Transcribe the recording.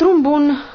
Drum bun